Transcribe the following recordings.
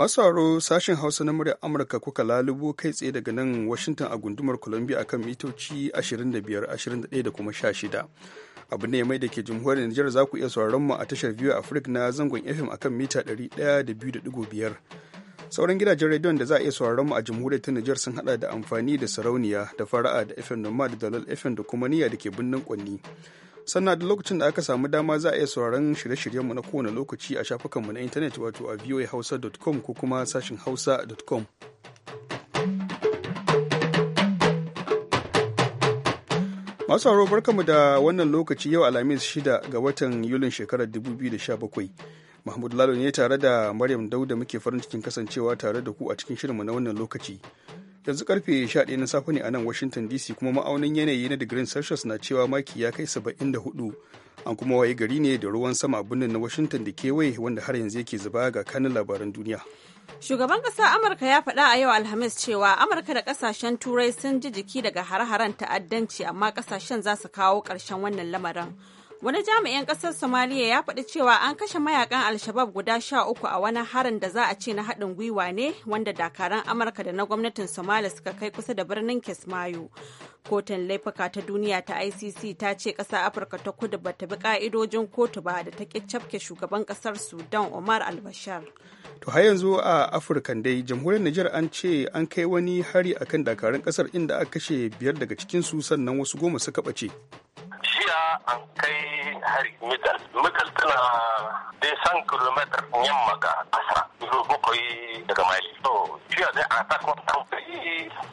Masu sashen Hausa na muryar Amurka kuka lalubo kai tsaye daga nan Washington a gundumar Columbia a kan mitoci 25, 21 da kuma 16. abu ne mai da ke jamhuriyar Nijar za ku iya sauraron mu a tashar biyu Africa na zangon FM akan mita 102.5. Sauran gidajen rediyon da za a iya sauraron mu a jamhuriyar ta Nijar sun hada da amfani da sarauniya da fara'a da FM Nomad da Dalal FM da kuma niyya da ke birnin Kwanni. sannan da lokacin da aka samu dama za a iya sauraron shirye-shiryenmu na kowane lokaci a shafukanmu na intanet wato a voahausa.com ko kuma sashin hausa.com masu sauraro barkamu da wannan lokaci yau alhamis shida ga watan yulin shekarar 2017 mahmud lalo ne tare da maryam dauda muke farin cikin kasancewa tare da ku a cikin shirinmu na wannan lokaci yanzu karfe 11 na safe ne a nan washington dc kuma ma'aunin yanayi na digirin celsius na cewa maki ya kai 74 an kuma waye gari ne da ruwan sama a birnin na washington da kewaye wanda har yanzu yake zuba ga kanin labaran duniya shugaban kasa amurka ya faɗa a yau alhamis cewa amurka da kasashen turai sun ji jiki daga hare-haren ta'addanci amma kasashen za su kawo ƙarshen wannan lamarin Wani jami'in ƙasar Somaliya ya faɗi cewa an kashe mayakan Alshabab guda sha uku a wani harin da za a ce na haɗin gwiwa ne wanda dakaran Amurka da na gwamnatin Somalia suka kai kusa da birnin Kismayo. Kotun laifuka ta duniya ta ICC ta ce ƙasa Afirka ta kudu bata bi ƙa'idojin kotu ba da ta ƙi cafke shugaban ƙasar Sudan Omar al-Bashir. to har yanzu a afirka dai jamhuriyar nijar an ce an kai wani hari akan dakarun kasar inda aka kashe biyar daga cikin su sannan wasu goma suka ɓace jiya an kai hari tana dai san yamma ga bakwai daga to jiya dai a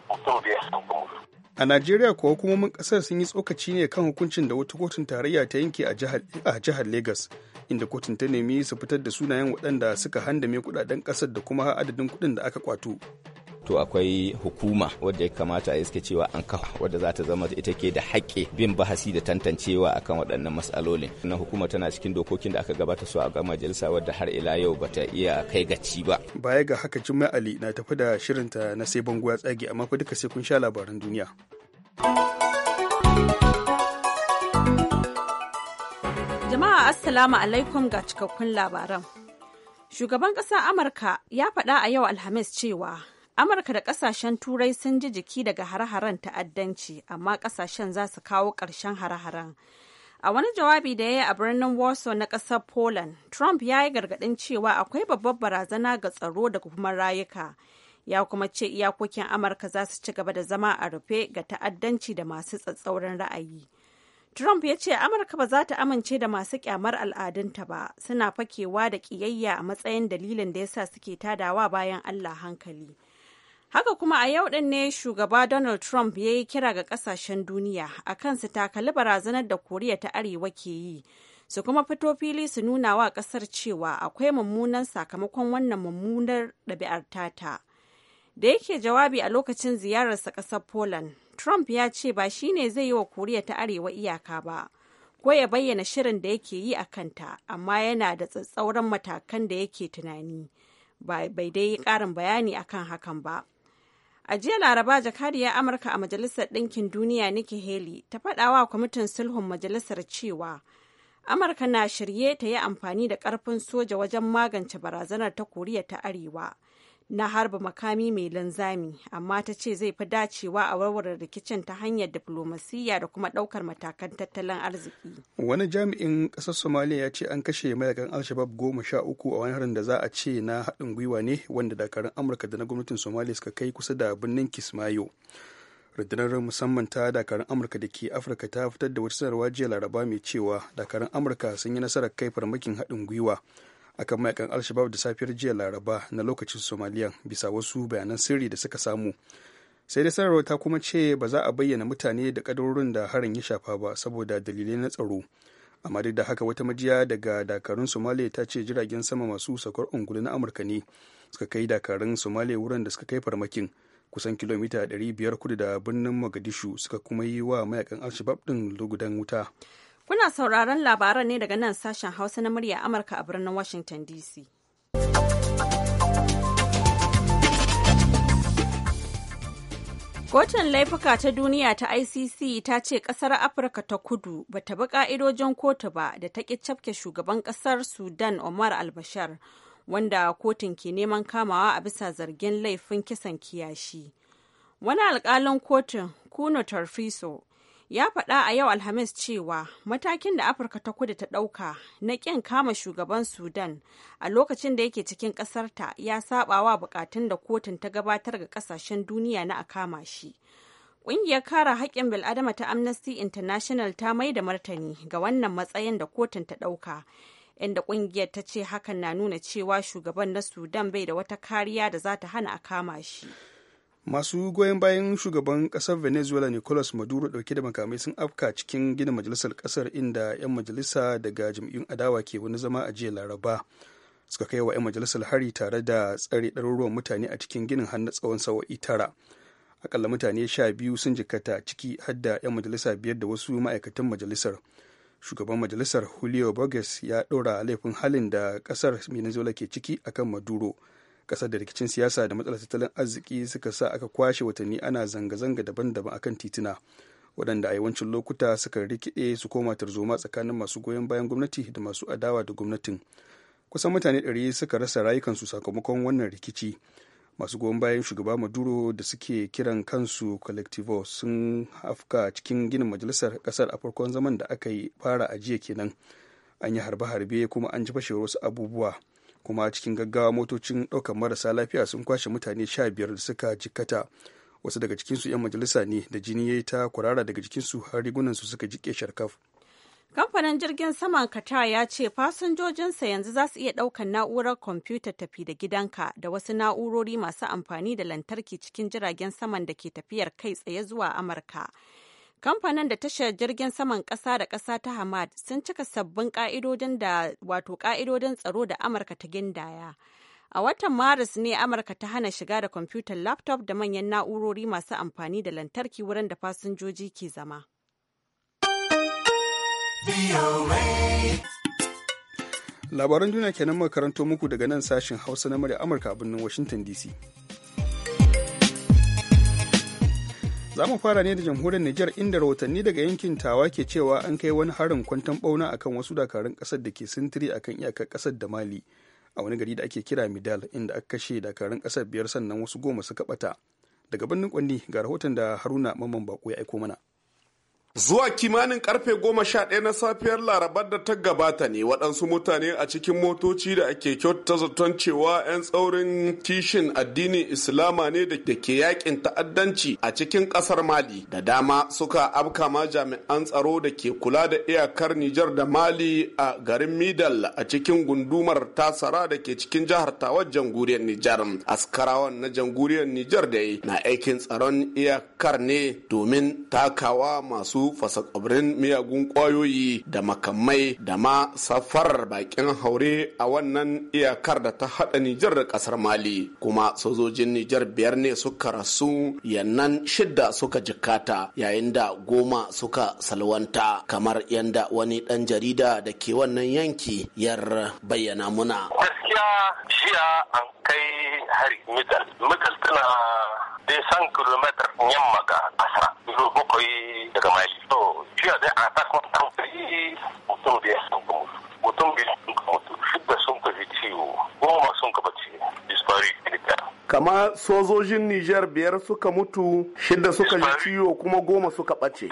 mutum biyar sun kuma a najeriya kuwa hukumomin kasar sun yi tsokaci ne kan hukuncin da wata kotun tarayya ta yanke a jihar Legas. inda kotun ta nemi su fitar da sunayen waɗanda suka handame kuɗaɗen ƙasar da kuma adadin kuɗin da aka kwato to akwai hukuma wadda ya kamata a iske cewa an kawo wadda za ta zama ita ke da haƙƙi bin bahasi da tantancewa akan waɗannan matsalolin na hukuma tana cikin dokokin da aka gabata su a majalisa wadda har ila yau ba ta iya kai gaci ba baya ga haka jimai ali na tafi da shirinta na sai bango ya tsage amma fa duka sai kun sha labaran duniya Jama'a Assalamu alaikum ga cikakkun labaran. Shugaban ƙasar Amurka ya faɗa a yau Alhamis cewa Amurka da ƙasashen Turai sun ji jiki daga hare ta'addanci, amma ƙasashen za su kawo ƙarshen hare-haren. A wani jawabi da ya yi a birnin Warsaw na ƙasar Poland, Trump ya yi gargaɗin cewa akwai babbar barazana ga tsaro da kuma rayuka. Ya kuma ce iyakokin Amurka za su ci gaba da zama a rufe ga ta'addanci da masu tsatsauran ra'ayi. Trump ya ce Amurka ba za ta amince da masu kyamar al'adunta ba, suna fakewa da ƙiyayya a matsayin dalilin da yasa suke tadawa bayan Allah hankali. Haka kuma a yau ɗin ne shugaba Donald Trump ya yi kira ga ƙasashen duniya a kan su takali barazanar da Koriya ta Arewa ke yi, su kuma fito fili su nuna wa ƙasar cewa akwai mummunan sakamakon wannan mummunar ɗabi'ar tata. da yake jawabi a lokacin ziyararsa ƙasar poland trump ya ce ba shi ne zai yi wa koriya ta arewa iyaka ba ko ya bayyana shirin da yake yi a kanta amma yana da tsatsauran matakan da yake tunani bai dai yi ƙarin bayani akan hakan ba a jiya laraba jakadiyar amurka a majalisar ɗinkin duniya nikki haley ta faɗawa kwamitin sulhun majalisar cewa amurka na shirye ta yi amfani da ƙarfin soja wajen magance barazanar ta koriya ta arewa na harba makami mai linzami amma ta ce zai fi dacewa a warware rikicin ta hanyar diflomasiyya da kuma daukar matakan tattalin arziki wani jami'in kasar somaliya ya ce an kashe mayakan alshabab goma sha uku a wani harin da za a ce na haɗin gwiwa ne wanda dakarun amurka da na gwamnatin somaliya suka kai kusa da birnin kismayo rundunar musamman ta dakarun amurka da ke afirka ta fitar da wata sanarwa jiya laraba mai cewa dakarun amurka sun yi nasarar kai farmakin haɗin gwiwa akan mayakan alshabab da safiyar jiya laraba na lokacin somaliya bisa wasu bayanan sirri da suka samu sai dai sanarwar ta kuma ce ba za a bayyana mutane da kadarorin da harin ya shafa ba saboda dalilai na tsaro amma duk da haka wata majiya daga dakarun somaliya ta ce jiragen sama masu saukar ungulu na amurka ne suka kai dakarun somaliya wurin da suka kai farmakin kusan kilomita 500 kudu da birnin magadishu suka kuma yi wa mayakan alshabab din lugudan wuta Kuna sauraron labaran ne daga nan sashen Hausa na murya Amurka a birnin Washington DC. Kotun laifuka ta duniya ta ICC ta ce kasar Afirka ta kudu ba ta bi ka'idojin kotu ba da ta ƙi cafke shugaban kasar Sudan Omar al-Bashir wanda kotun ke neman kamawa a bisa zargin laifin kisan kiyashi. Wani alkalin kotun Kuno Tarfiso ya faɗa a yau alhamis cewa matakin da afirka ta kudu ta ɗauka na ƙin kama shugaban sudan a lokacin da yake cikin ƙasarta ya saɓawa buƙatun da kotun ta gabatar ga ƙasashen duniya na akama shi Ƙungiyar kare haƙƙin bil'adama ta Amnesty International ta mai da martani ga wannan matsayin da kotun ta ɗauka, inda ƙungiyar ta ce hakan na nuna cewa shugaban na Sudan bai da wata kariya da za ta hana a kama shi. masu goyon bayan shugaban kasar venezuela nicolas maduro dauke da makamai sun afka cikin gina majalisar kasar inda 'yan majalisa daga jam'iyyun adawa ke wani zama a jiya laraba suka kai wa 'yan majalisar hari tare da tsare ɗaruruwan mutane a cikin ginin har na tsawon sawa'i tara akalla mutane sha biyu sun jikata ciki har da 'yan majalisa biyar da wasu ma'aikatan majalisar shugaban majalisar julio borges ya ɗora laifin halin da kasar venezuela ke ciki akan maduro kasar da rikicin siyasa da matsalar tattalin arziki suka sa aka kwashe watanni ana zanga-zanga daban-daban akan tituna waɗanda a yawancin lokuta suka rikide su koma tarzoma tsakanin masu goyon bayan gwamnati da masu adawa da gwamnatin kusan mutane ɗari suka rasa rayukansu sakamakon wannan rikici masu goyon bayan shugaba maduro da suke kiran kansu collectivo sun hafka cikin ginin majalisar ƙasar a farkon zaman da aka yi fara ajiya kenan an yi harbe-harbe kuma an ji fashewar wasu abubuwa kuma cikin gaggawa motocin ɗaukar marasa lafiya sun kwashe mutane sha biyar da suka jikkata wasu daga cikinsu 'yan majalisa ne da jini ya yi ta kurara daga jikinsu har rigunansu suka jike sharkaf kamfanin jirgin saman qatar ya ce fasinjojinsa yanzu za su iya ɗaukar na'urar kwamfuta tafi da gidanka da wasu na'urori masu amfani da lantarki cikin jiragen saman da ke tafiyar kai tsaye zuwa amurka kamfanin da tashar jirgin saman ƙasa da ƙasa ta hamad sun cika sabbin ƙa'idodin da wato ƙa'idodin tsaro da amurka ta gindaya a watan maris ne amurka ta hana shiga da kwamfutar laptop da manyan na'urori masu amfani da lantarki wurin da fasinjoji ke zama labaran duniya kenan makaranto muku daga nan sashen hausa na murya amurka a birnin washinton dc Za mu fara ne da jamhuriyar Nijar inda rahotanni daga yankin tawa ke cewa an kai wani harin kwanton bauna akan wasu dakarun kasar da ke sintiri akan iyakar kasar da Mali a wani gari da ake kira Midal inda aka kashe dakarun kasar biyar sannan wasu goma suka bata. Daga birnin kwanni ga rahoton da Haruna Mamman Bako ya aiko mana. Zuwa kimanin karfe goma sha ɗaya na safiyar larabar da ta gabata ne waɗansu mutane a cikin motoci da ake kyauta zaton cewa 'yan tsaurin kishin addinin Islama ne da ke yakin ta'addanci a cikin ƙasar Mali da dama suka ma jami'an tsaro da ke kula da iyakar Nijar da Mali a garin Midal a cikin gundumar Tasara da ke cikin jihar Tawar Janguriyar Nijar. Askarawan na jamhuriyar Nijar da na aikin tsaron iyakar ne domin takawa masu Fasa fasakobrin miyagun kwayoyi da makamai da ma safarar bakin haure a wannan iyakar da ta haɗa Nijar da kasar Mali kuma sojojin Nijar biyar ne suka rasu yannan shidda suka jikkata yayin da goma suka salwanta kamar yanda wani dan jarida da ke wannan yanki yar bayyana muna. Gaskiya jiya an kai hari Mital. Mital tana 200 yamma ga asara. Zo bakwai daga mali to jiya dai a takwan kamfani mutum biyar sun mutu mutum biyar sun mutu da sun kaji ciwo goma sun ka bace dispari kama sojojin Nijar biyar suka mutu shidda suka ji ciwo kuma goma suka ɓace.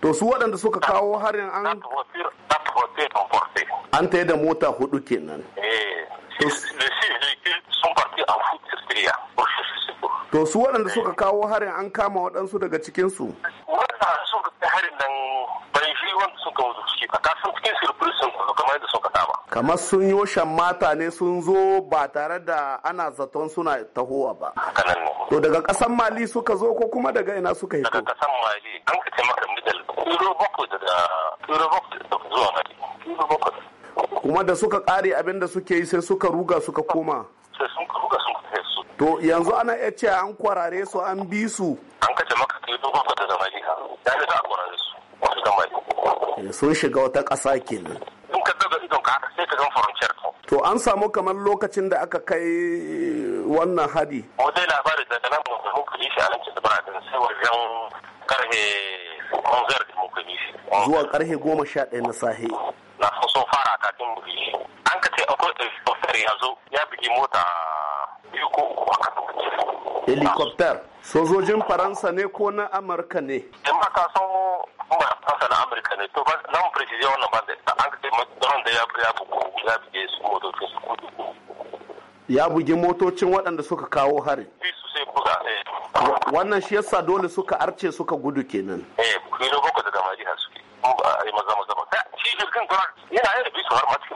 To su waɗanda suka kawo harin an an ta da mota hudu kenan. Eh, To su waɗanda suka kawo harin an kama waɗansu daga cikinsu. harin nan bai fi wanda suka ciki ba, ka sun cikin sun kuma kamar yadda suka kama. Kamar sun yi shan mata ne sun zo ba tare da ana zaton suna tahowa ba. ne. To daga kasan Mali suka zo ko kuma daga ina suka hito? Daga Kuma da suka ƙare abin suke yi sai suka ruga suka koma. Sai sun ruga sun to yanzu ana iya ce an kwarare su an bi su an kace maka kai dogon ka da ha. Ya ne za a kwarare su wasu zamaliya eh, sun shiga wata ƙasa kenan in ka daga idon ka sai ka furancer ka. to an samu kamar lokacin da aka kai eh, wannan hadi dai labari da nan mutum hukuli shi a nan cikin birnin sai wajen karfe onzar da muka yi shi zuwa karfe goma sha ɗaya na safe. na so fara kafin mu yi an ka ce akwai ofisari ya zo ya bugi mota biyu helicopter sojojin faransa ne ko na amurka ne in ba ka san faransa na amurka ne to na mu firjiye wannan ba da an ka ce da ya bugu ya buge su motocin su kudu ya bugi motocin waɗanda suka kawo hari eh. wannan shi yasa dole suka arce suka gudu kenan eh kilo bakwai daga maji har suke ba a yi maza maza ba shi jirgin yana yin da bisu har mata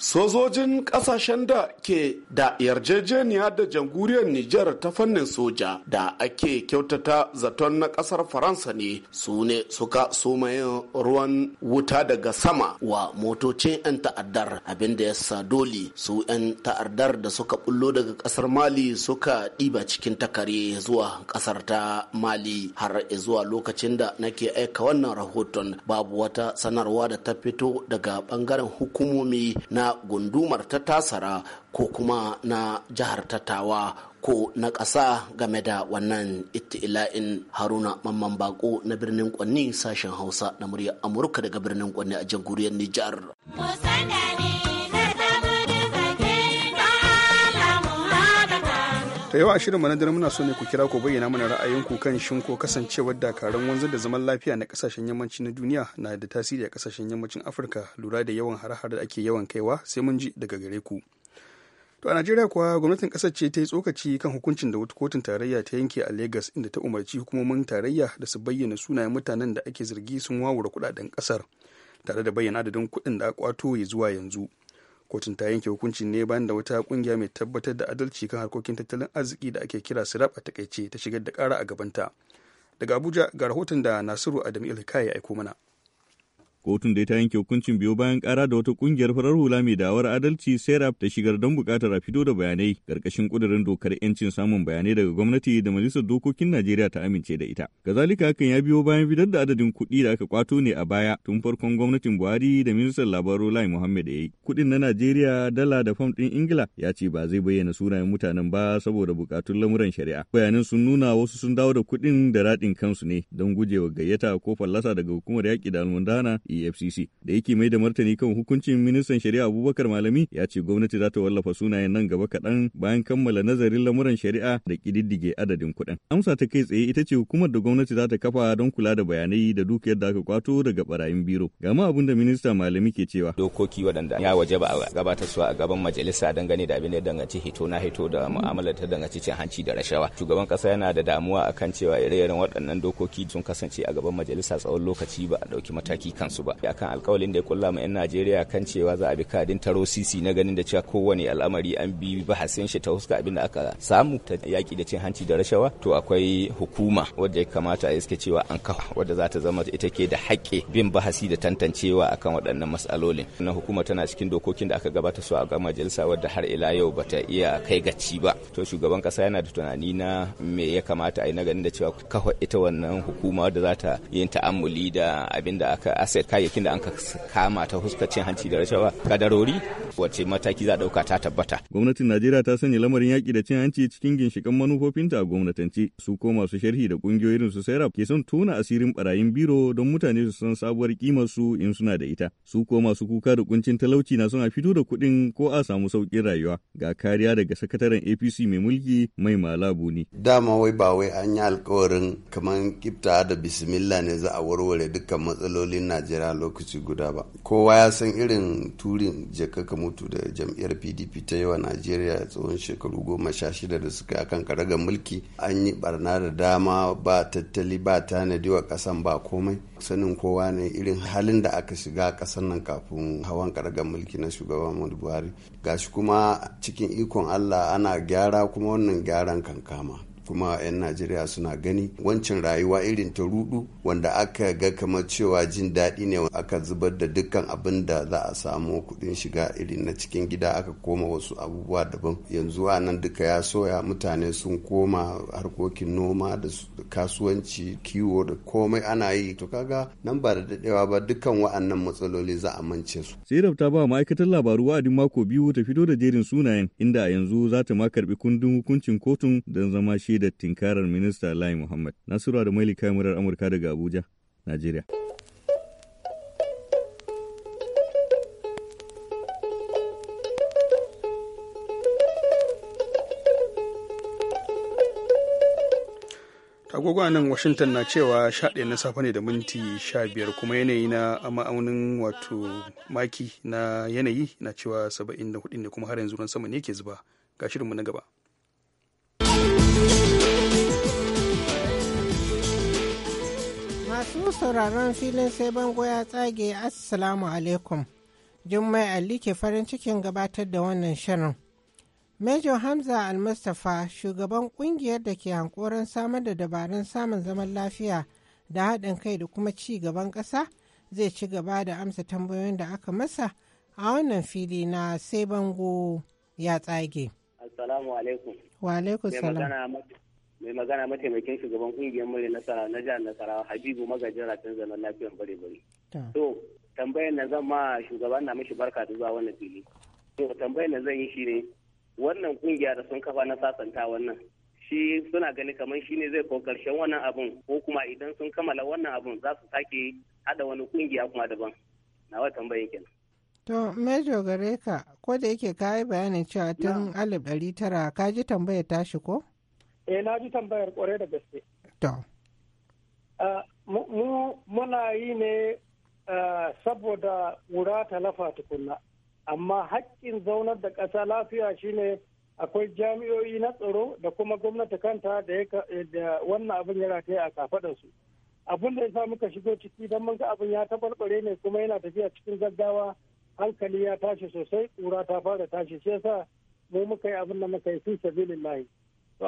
sojojin kasashen da ke da yarjejeniya da jamhuriyar Nijar ta fannin soja da ake kyautata zaton na kasar Faransa ne su ne suka sumayin ruwan wuta daga sama wa motocin 'yan ta'addar abinda ya sa doli su 'yan ta'addar da suka bullo daga kasar Mali suka ɗiba cikin takare zuwa kasar ta Mali har zuwa lokacin da nake aika wannan rahoton babu wata sanarwa da ta fito daga bangaren hukumomi na gundumar ta tasara ko kuma na jihar tattawa ko na ƙasa game da wannan ittila'in haruna mamman bako na birnin kwanni sashen hausa na muryar amurka daga birnin kwanni a jamhuriyar nijar. ta yawa a shirin manadar muna so ne ku kira ku bayyana mana ra'ayinku kan shin ko kasancewar dakarun wanzar da zaman lafiya na kasashen yammacin na duniya na da tasiri a kasashen yammacin afirka lura da yawan har hare da ake yawan kaiwa sai mun ji daga gare ku to a najeriya kuwa gwamnatin kasar ce ta yi tsokaci kan hukuncin da wata kotun tarayya ta yanke a lagos inda ta umarci hukumomin tarayya da su bayyana sunayen mutanen da ake zargi sun wawura kudaden kasar tare da bayyana adadin kuɗin da a kwato ya zuwa yanzu kotun ta yanke hukuncin ne bayan da wata kungiya mai tabbatar da adalci kan harkokin tattalin arziki da ake kira sirap a takaice ta shigar da kara a gabanta daga abuja ga rahoton da nasiru adam ilkai ya aiko mana Kotun ya ta yanke hukuncin biyo bayan kara da wata kungiyar farar hula mai dawar adalci serap ta shigar don bukatar a fito da bayanai karkashin kudirin dokar yancin samun bayanai daga gwamnati da majalisar dokokin Najeriya ta amince da ita. Kazalika hakan ya biyo bayan fitar da adadin kuɗi da aka kwato ne a baya tun farkon gwamnatin Buhari da ministan labaru Lai Muhammad ya yi. Kuɗin na Najeriya dala da fam ɗin Ingila ya ce ba zai bayyana sunayen mutanen ba saboda bukatun lamuran shari'a. Bayanan sun nuna wasu sun dawo da kuɗin da raɗin kansu ne don gujewa gayyata ko fallasa daga hukumar yaƙi da almundana EFCC. Da yake mai da martani kan hukuncin ministan shari'a Abubakar Malami ya ce gwamnati za ta wallafa sunayen nan gaba kaɗan bayan kammala nazarin lamuran shari'a da ƙididdige adadin kuɗin. Amsa ta kai tsaye ita ce hukumar da gwamnati za ta kafa don kula da bayanai da duk yadda aka kwato daga barayin biro. Ga ma abin da minista Malami ke cewa. Dokoki waɗanda ya waje ba a gabatar su a gaban majalisa dangane da abin da dangace danganci hito na hito da mu'amalar ta danganci cin hanci da rashawa. Shugaban ƙasa yana da damuwa akan cewa ire-iren waɗannan dokoki sun kasance a gaban majalisa tsawon lokaci ba a ɗauki mataki kansu. su ba akan alkawalin da ya kulla ma 'yan najeriya kan cewa za a bi kadin taro sisi na ganin da cewa kowane al'amari an bi bahasin shi ta huska abin da aka samu ta yaki da cin hanci da rashawa to akwai hukuma wadda ya kamata a iske cewa an kawo wadda za ta zama ita ke da haƙƙi bin bahasi da tantancewa akan waɗannan matsalolin na hukuma tana cikin dokokin da aka gabata su a ga majalisa wadda har ila yau bata iya kai gaci ba to shugaban kasa yana da tunani na me ya kamata a yi na ganin da cewa kawo ita wannan hukuma wadda za ta yin ta'amuli da abin da aka asset kayayyakin da an ka kama ta huskar cin hanci da rashawa kadarori wace mataki za dauka ta tabbata gwamnatin najeriya ta sanya lamarin yaki da cin hanci cikin ginshikan manufofinta a gwamnatance su ko masu sharhi da kungiyoyin su sai ke son tona asirin barayin biro don mutane su san sabuwar kimar su in suna da ita su ko masu kuka da kuncin talauci na suna fito da kuɗin ko a samu sauƙin rayuwa ga kariya daga sakataren apc mai mulki mai malabu ne dama wai ba wai an yi alkawarin kamar kifta da bismillah ne za a warware dukkan matsalolin najeriya kira lokaci guda ba kowa ya san irin turin jakaka mutu da jam'iyyar pdp ta yawa najeriya tsawon shekaru goma sha shida da suka yi akan karagar mulki an yi barna da dama ba tattali ba tanadi wa kasan ba komai sanin kowa ne irin halin da aka shiga kasan nan kafin hawan karagar mulki na shugaban muhammadu buhari gashi kuma cikin ikon allah ana gyara kuma wannan gyaran kankama kuma 'yan najeriya suna gani wancan rayuwa irin ta rudu wanda aka ga kamar cewa jin daɗi ne aka zubar da dukkan abin da za a samu kudin shiga irin na cikin gida aka koma wasu abubuwa daban yanzu a nan duka ya soya mutane sun koma harkokin noma da kasuwanci kiwo da komai ana yi to kaga nan ba da daɗewa ba dukkan wa'annan matsaloli za a mance su. sai ta ba ma'aikatar labaru wa'adin mako biyu ta fito da jerin sunayen inda yanzu za ta ma karbi kundin hukuncin kotun don zama shi da tinkarar minista Lai Muhammad. Nasura da Maili kamarar Amurka daga Abuja, Najeriya. agogo nan washington na cewa shaɗe na safe ne da minti sha biyar kuma yanayi na ma'aunin wato maki na yanayi na cewa saba'in da hudu ne kuma har yanzu ruwan sama ne ke zuba ga shirinmu na gaba Masu sauraron filin sai bango ya tsage Assalamu alaikum. Jummai Ali ke farin cikin gabatar da wannan shirin. Major Hamza Al-Mustapha shugaban kungiyar da ke hankoron samar da dabarun samun zaman lafiya da haɗin kai da kuma ci gaban ƙasa zai ci gaba da amsa tambayoyin da aka masa a wannan fili na sai bango ya tsage. Assalamu alaikum. Wa alaikum salam. mai magana mataimakin shugaban kungiyar mure nasara na jihar nasarawa habibu magajin ratin zanen lafiyar bare bare to tambayar na zan ma shugaban na mishi barka da zuwa wannan fili to tambayar na zan yi shi ne wannan kungiya da sun kafa na sasanta wannan shi suna gani kamar shi ne zai ko karshen wannan abun ko kuma idan sun kammala wannan abun za su sake hada wani kungiya kuma daban na wa tambayar kenan To, Mejo gare ka, ko da yake ka yi bayanin cewa tun alif ɗari tara ka ji tambayar tashi ko? eh na ji tambayar kwarai da gaske to ah, mu muna yi ne ah, saboda wura ta lafa tukunna amma haƙƙin zaunar da ƙasa lafiya shine akwai jami'o'i na tsaro da kuma gwamnati kanta da wannan abin ya rataye a kafaɗarsu abin da ya sa muka shigo ciki don mun ga abin ya tabarbare ne kuma yana tafiya cikin gaggawa hankali ya tashi sosai ƙura ta fara tashi sai sa mu muka yi abin da muka yi fi sabilillahi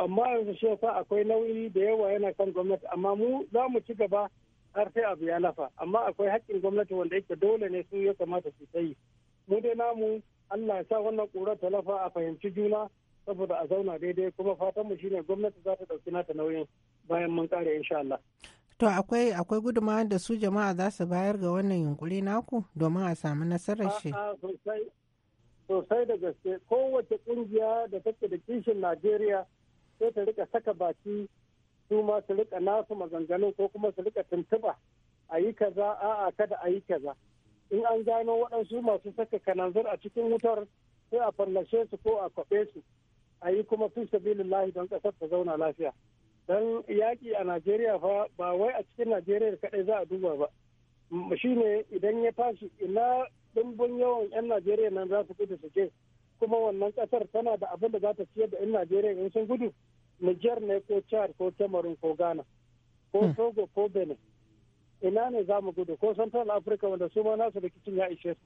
amma yanzu shi yasa akwai nauyi da yawa yana kan gwamnati amma mu za mu ci gaba har sai abu ya lafa amma akwai haƙƙin gwamnati wanda yake dole ne su ya kamata su ta yi mu dai namu Allah ya sa wannan ƙura ta lafa a fahimci juna saboda a zauna daidai kuma fatan mu shine gwamnati za ta ɗauki nata nauyin bayan mun kare insha Allah to akwai akwai gudunmawar da su jama'a za su bayar ga wannan yunkuri naku domin a samu nasarar shi sosai da gaske kowace ƙungiya da take da kishin Najeriya sai ta rika saka baki su ma su rika nasu maganganu ko kuma su rika tuntuba a yi kaza a'a kada a yi kaza in an gano waɗansu masu saka kananzir a cikin wutar sai a fallashe su ko a kwaɓe su a yi kuma fi sabilillahi don ƙasar ta zauna lafiya don yaƙi a najeriya fa ba wai a cikin najeriya kaɗai za a duba ba shine idan ya tashi ina ɗimbin yawan 'yan najeriya nan za su gudu su je kuma wannan kasar tana da abin da za ta ciyar da 'yan najeriya in sun gudu niger ne ko chad ko cameroon ko ghana ko hmm. togo ko benin ina ne za mu gudu ko central africa wanda su ma nasu rikicin ya ishe su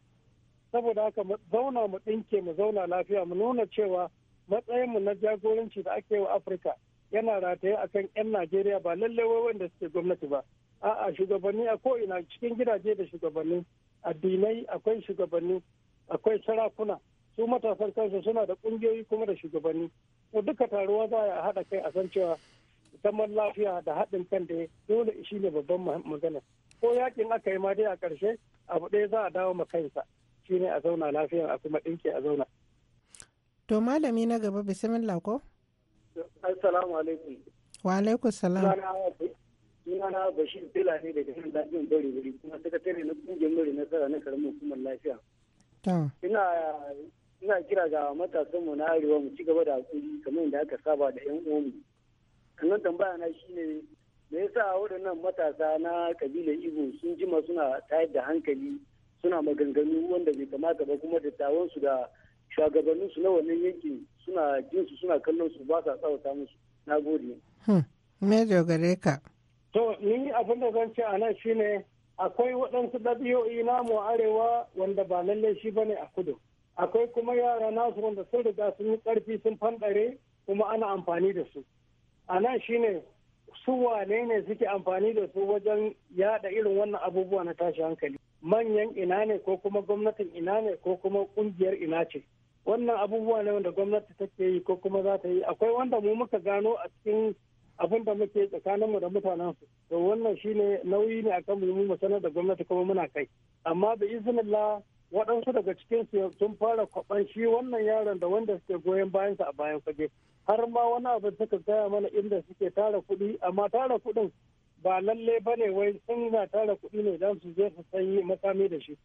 saboda haka mu zauna mu ɗinke mu zauna lafiya mu nuna cewa matsayin mu na jagoranci da ake wa afirka yana rataye akan 'yan najeriya ba lallai wanda suke gwamnati ba a'a shugabanni a ko'ina cikin gidaje da shugabanni addinai akwai shugabanni akwai sarakuna su matasan kansu suna da kungiyoyi kuma da shugabanni to duka taruwa za a haɗa kai a san cewa zaman lafiya da haɗin kan da dole shi ne babban magana ko yakin aka yi ma dai a ƙarshe abu ɗaya za a dawo ma kansa shi ne a zauna lafiya a kuma ɗinke a zauna. to malami na gaba bismillah ko. assalamu alaikum. wa alaikum salam. na bashir tela ne daga nan lafiyan bari wuri kuma sakatare na kungiyar mari nasara na karamin hukumar lafiya. ina ina kira ga matasanmu na arewa mu ci gaba da hakuri kamar yadda aka saba da yan uwanmu sannan tambaya na shine me yasa waɗannan matasa na kabilar igbo sun jima suna tayar da hankali suna maganganu wanda bai kamata ba kuma dattawansu da su na wannan yankin suna jinsu suna kallon su ba sa tsawata musu na gode. Hmm, me dogare ka. to ni abin da zan ce a nan shine akwai waɗansu ɗabi'o'i namu arewa wanda ba lallai shi bane a kudu akwai kuma yara nasu wanda sun riga sun yi karfi sun fanɗare kuma ana amfani da su a nan shine su wane ne suke amfani da su wajen yada irin wannan abubuwa na tashi hankali manyan ina ne ko kuma gwamnatin ina ne ko kuma kungiyar ina ce wannan abubuwa ne wanda gwamnati take yi ko kuma za ta yi akwai wanda mu muka gano a cikin abin da muke tsakaninmu da mutanen su to wannan shine nauyi ne akan mu mu sanar da gwamnati kuma muna kai amma bi iznillah waɗansu daga cikin sun fara kwaban shi wannan yaron da wanda suke goyon bayansa a bayan fage har ma wani abin suka gaya mana inda suke tara kuɗi amma tara kuɗin ba lalle ba ne wai sun na tara kuɗi ne don su je su yi makami da shi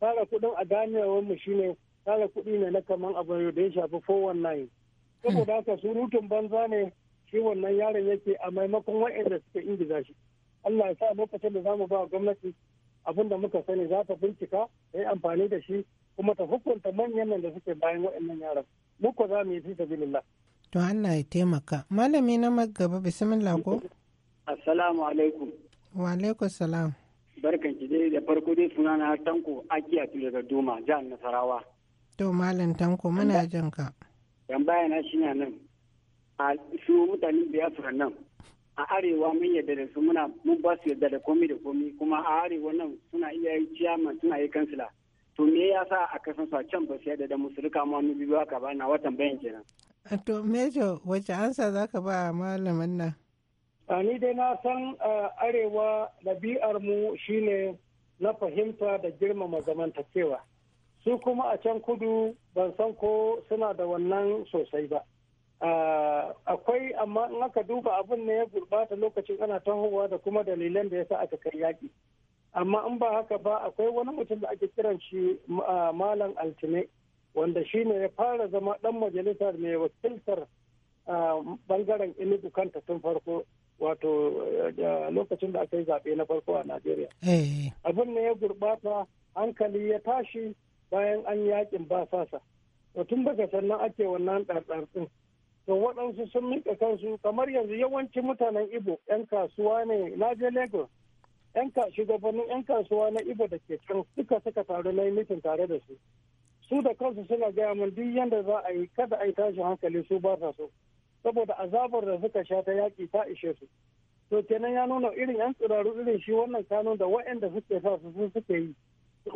tara kuɗin a ganewar mu shine tara kuɗi ne na kaman abu da ya shafi 419 saboda haka surutun banza ne shi wannan yaron yake a maimakon waɗanda suke ingiza shi Allah ya sa lokacin da zamu ba gwamnati abin da muka sani za ta bincika ta yi amfani da shi kuma ta hukunta manyan nan da suke bayan waɗannan yaran muku za mu yi fi sabilillah to Allah ya taimaka malami na magaba bismillah ko assalamu alaikum wa alaikum salam barkan ki dai da farko dai suna na tanko akiya tu daga doma jihar nasarawa to malam tanko muna jan ka dan bayana shi nan a su mutanen biyafra nan a arewa mun yadda da su muna mun ba su yadda da komi da komi kuma a arewa nan suna iya yi ciyaman suna yi kansila to me ya sa a kasan su a can ba su yadda da musu su rika mu wani biyu haka ba na watan bayan kenan. to mejo wace ansa za ka ba malamin nan. a ni dai na san arewa ɗabi'ar mu shine na fahimta da girmama zamantakewa su kuma a can kudu ban san ko suna da wannan sosai ba. Ah, akwai amma in aka duba abin ne ya gurbata lokacin ana tahowa da kuma dalilan da ya sa aka kai yaƙi amma in ba haka ba akwai wani mutum da ake kiran shi ah, malam altine wanda shi ne ya fara zama dan majalisar mai wakiltar bangaren ah, enugu kanta tun farko wato lokacin da aka yi zaɓe na farko a najeriya eh. abin ne ya gurbata hankali ya tashi bayan an yakin ba sasa tun daga sannan ake wannan ɗarɗar to waɗansu sun miƙa kansu kamar yanzu yawancin mutanen ibo 'yan kasuwa ne na je lagos 'yan shugabannin 'yan kasuwa na ibo da ke can suka suka taru na mitin tare da su su da kansu suna gaya min duk yadda za a yi kada a yi tashin hankali su ba sa so saboda azabar da suka sha ta yaƙi ta ishe su to kenan ya nuna irin 'yan tsiraru irin shi wannan kanun da waɗanda suke sa su sun suke yi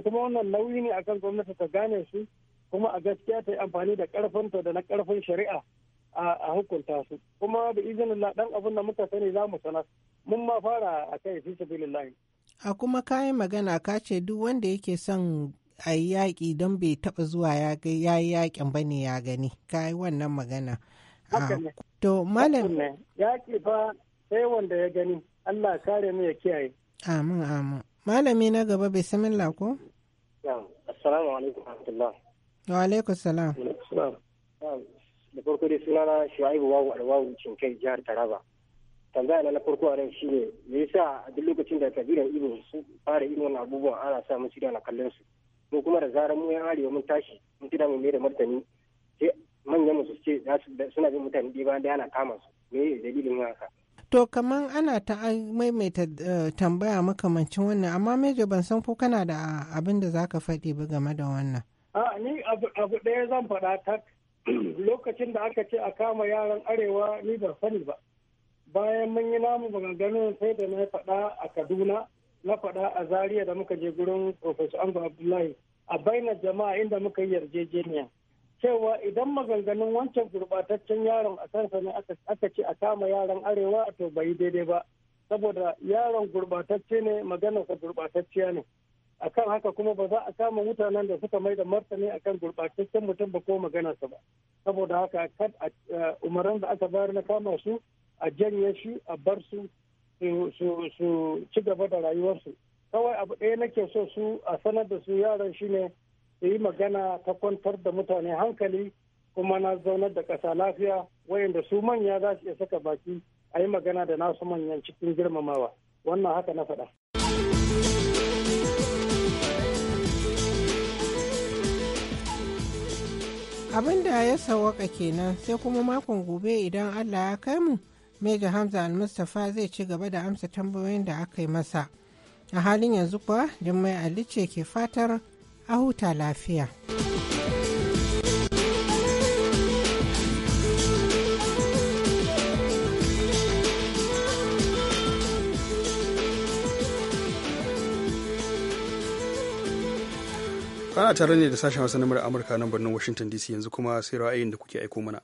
kuma wannan nauyi ne akan gwamnati ta gane su kuma a gaskiya ta yi amfani da ƙarfinta da na ƙarfin shari'a a hukunta su kuma da izinin dan abin da muka sani za mu sanar mun ma fara a kai fi sabilillahi a kuma kai magana ka ce duk wanda yake son a yi yaƙi don bai taɓa zuwa ya yi yaƙin ba ne ya gani ka yi wannan magana to malam yaƙi fa sai wanda ya gani Allah kare mu ya kiyaye amin amin malami na gaba bai bismillah ko assalamu alaikum wa alaikum salam da farko dai sunana shu'aibu wawu alwawu cinkai jihar taraba tambaya na na farko a nan shine me yasa a duk lokacin da kabilan ibo su fara irin wannan abubuwan ana sa musu na kallon su mu kuma da zarar mu yan arewa mun tashi mun kira mu mai da martani sai manyan musu su ce suna bin mutane ɗaya bayan da ana kama su me dalilin haka To kaman ana ta maimaita eh, tambaya makamancin wannan amma mejo ban san ko kana da abin da zaka faɗi ba game da wannan. A ni abu ɗaya zan faɗa tak lokacin da aka ce a kama yaran arewa ni ban sani ba bayan mun yi namu maganganun sai da na faɗa a kaduna na faɗa a zariya da muka je gurin professor ango abdullahi a bainar jama'a inda muka yi yarjejeniya cewa idan maganganun wancan gurbataccen yaron a kansa ne aka ce a kama yaran arewa to bai daidai ba saboda yaron gurbatacce ne maganarsa gurbatacciya ne akan haka kuma ba za a kama mutanen da suka mai da martani akan gurɓataccen mutum ba ko maganarsa ba saboda haka kan eh, umaran da aka bayar na kama su a janye shi a bar su su ci gaba da rayuwarsu kawai abu ɗaya nake so su a sanar da su yaran ne su yi magana ta kwantar da mutane hankali kuma na zaunar da ƙasa lafiya wayanda su manya za su iya saka baki a yi magana da nasu manyan cikin girmamawa wannan haka na faɗa. abin da ya sawaka kenan sai kuma makon gobe idan allah ya kai mu Major hamza al-mustapha zai ci gaba da amsa tambayoyin da aka yi masa a halin yanzu kuwa jummai ali ce ke fatar a huta lafiya. tare ne da sashen wasu namar amurka nan birnin washington dc yanzu kuma sai ra'ayin da kuke aiko mana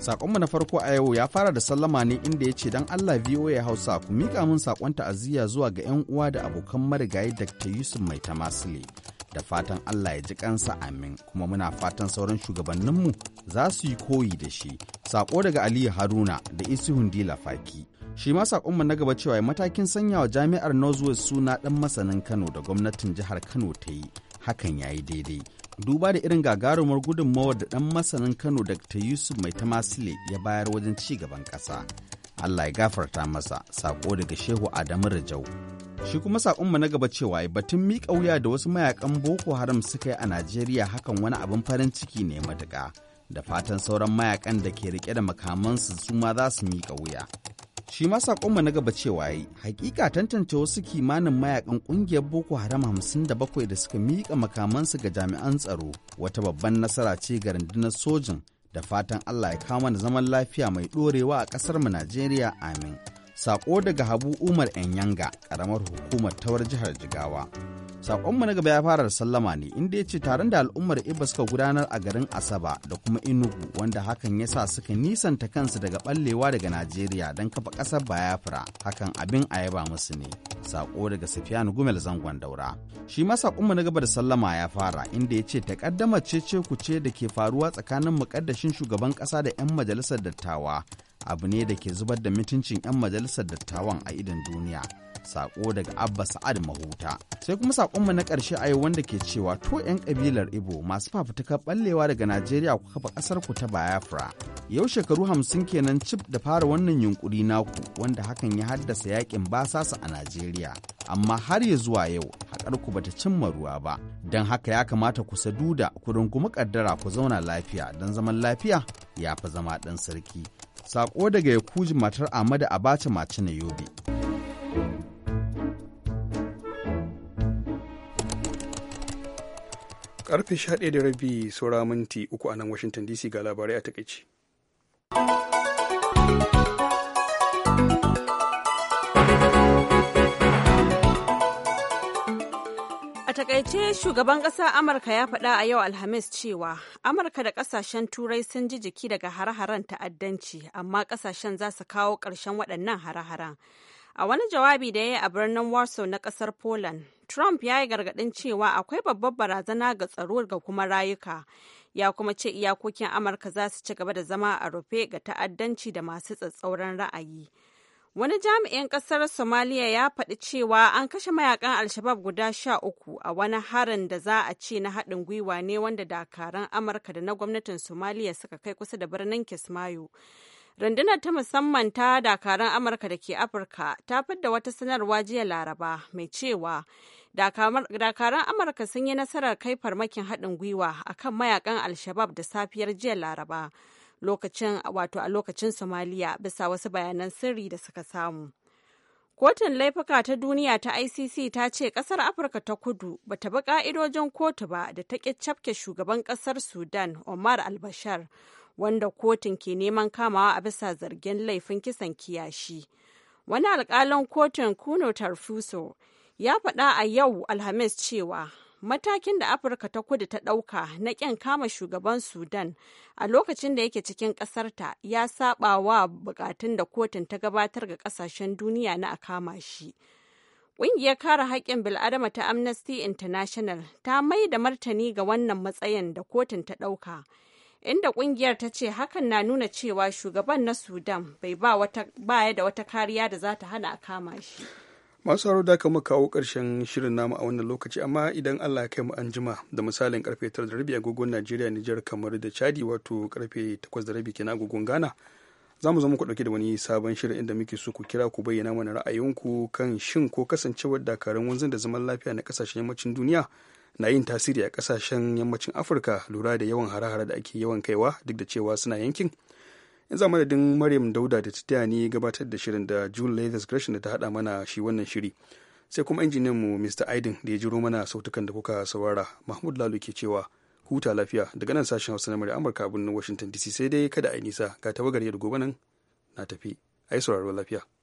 Sakonmu na farko a yau ya fara da sallama ne inda ya ce don Allah ya Hausa ku miƙa min sakon ta'aziyya zuwa ga 'yan uwa da abokan marigayi Dr. Yusuf Mai Tamasile. Da fatan Allah ya ji kansa amin kuma muna fatan sauran shugabanninmu za su yi koyi da shi. Sako daga Aliyu Haruna da Isi Dila Faki. shi ma sakonmu na gaba cewa matakin sanyawa jami'ar northwest suna dan masanin kano da gwamnatin jihar kano ta yi hakan ya yi daidai duba da irin gagarumar gudunmawar da dan masanin kano dr yusuf mai tamasile ya bayar wajen ci gaban ƙasa allah ya gafarta masa sako daga shehu adamu rajau shi kuma sakonmu na gaba cewa batun miƙa wuya da wasu mayakan boko haram suka yi a najeriya hakan wani abin farin ciki ne matuƙa da fatan sauran mayakan da ke rike da makamansu su ma za su miƙa wuya shi ma saƙonmu na gaba cewa yi hakika tantance wasu kimanin mayakan ƙungiyar boko haram hamsin da bakwai da suka mika makamansu ga jami'an tsaro wata babban nasara ce ga rundunar sojin da fatan allah ya kawo mana zaman lafiya mai ɗorewa a ƙasar mu najeriya amin saƙo daga habu umar yan yanga ƙaramar hukumar tawar jihar jigawa Sakonmu na gaba ya fara da sallama ne inda ya ce taron da al'ummar Iba suka gudanar a garin Asaba da kuma inugu wanda hakan ya sa suka nisanta kansu daga ɓallewa daga Najeriya don kafa ƙasar Bayafra hakan abin a yaba musu ne. saƙo daga Sufyan Gumel zangon daura. Shi ma sakonmu na gaba da sallama ya fara inda ya ce takaddama ce ku ce da ke faruwa tsakanin muƙaddashin shugaban ƙasa da 'yan majalisar dattawa abu ne da ke zubar da mutuncin 'yan majalisar dattawan a idon duniya. sako daga abba sa'ad mahuta sai kuma sakonmu na ƙarshe a yau wanda ke cewa to 'yan ƙabilar ibo masu fafutukar ɓallewa daga najeriya ku kafa ƙasar ku ta biafra yau shekaru hamsin kenan cif da fara wannan yunkuri naku wanda hakan ya haddasa yakin basasa a najeriya amma har ya zuwa yau haƙar ku bata cimma ruwa ba don haka ya kamata ku saduda ku rungumi ƙaddara ku zauna lafiya don zaman lafiya ya fi zama ɗan sarki sako daga yakuji matar ahmadu abacha mace na yobe karfe ɗaya da rabi saura minti uku a nan washington dc ga labarai a takaici A takaice shugaban ƙasa Amurka ya faɗa a yau Alhamis cewa Amurka da ƙasashen Turai sun ji jiki daga hare-haren ta'addanci, amma ƙasashen za su kawo ƙarshen waɗannan hare-haren. A wani jawabi da ya yi a birnin Warsaw na ƙasar Poland, Trump ya yi gargaɗin cewa akwai babbar barazana ga tsaro ga kuma rayuka. Ya kuma ce iyakokin Amurka za su ci gaba da zama a rufe ga ta'addanci da masu tsatsauran ra'ayi. Wani jami'in ƙasar Somalia ya faɗi cewa an kashe mayakan Alshabab guda sha uku a wani harin da za a ce na haɗin gwiwa ne wanda dakaran Amurka da na gwamnatin Somalia suka kai kusa da birnin Kismayo. Rundunar ta musamman ta dakaran Amurka da ke Afirka ta fidda wata sanarwa jiya Laraba mai cewa dakaran Amurka sun yi nasarar kai farmakin haɗin gwiwa akan mayakan Alshabab da safiyar jiya Laraba lokacin wato a lokacin Somalia bisa wasu bayanan sirri da suka samu. Kotun laifuka ta duniya ta ICC ta ce kasar Afirka ta kudu ba ta bi ka'idojin kotu ba da ta ƙi cafke shugaban kasar Sudan Omar al-Bashir wanda kotun ke neman kamawa a bisa zargin laifin kisan kiyashi. Wani alkalin kotun Kuno Tarfuso ya faɗa a yau Alhamis cewa matakin da Afirka ta kudu ta ɗauka na ƙin kama shugaban Sudan a lokacin da yake cikin ƙasarta ya saba wa buƙatun da kotun ta gabatar ga ƙasashen duniya na a kama shi. Ƙungiyar kare haƙƙin bil'adama ta Amnesty International ta mai da martani ga wannan matsayin da kotun ta ɗauka. inda kungiyar ta ce hakan na nuna cewa shugaban na sudan bai baya da wata kariya da za ta hana a kama shi masu haro da kama kawo ƙarshen shirin nama a wannan lokaci amma idan allah kai mu an jima da misalin karfe tara da rabi agogon najeriya nijar kamar da chadi wato karfe takwas da rabi kenan agogon ghana za mu zama ku ɗauke da wani sabon shirin inda muke so ku kira ku bayyana mana ra'ayinku kan shin ko kasancewar dakarun wanzan da zaman lafiya na kasashen yammacin duniya na yin tasiri a kasashen yammacin afirka lura da yawan hare-hare da ake yawan kaiwa duk da cewa suna yankin in za madadin maryam dauda da ta taya gabatar da shirin da june lathers gresham da ta hada mana shi wannan shiri sai kuma injiniyan mu mr aidin da ya jiro mana sautukan da kuka saurara mahmud lalu ke cewa huta lafiya daga nan sashen hausa na murya amurka a birnin washington dc sai dai kada a yi nisa ga tawagar yadda gobe nan na tafi a yi sauraro lafiya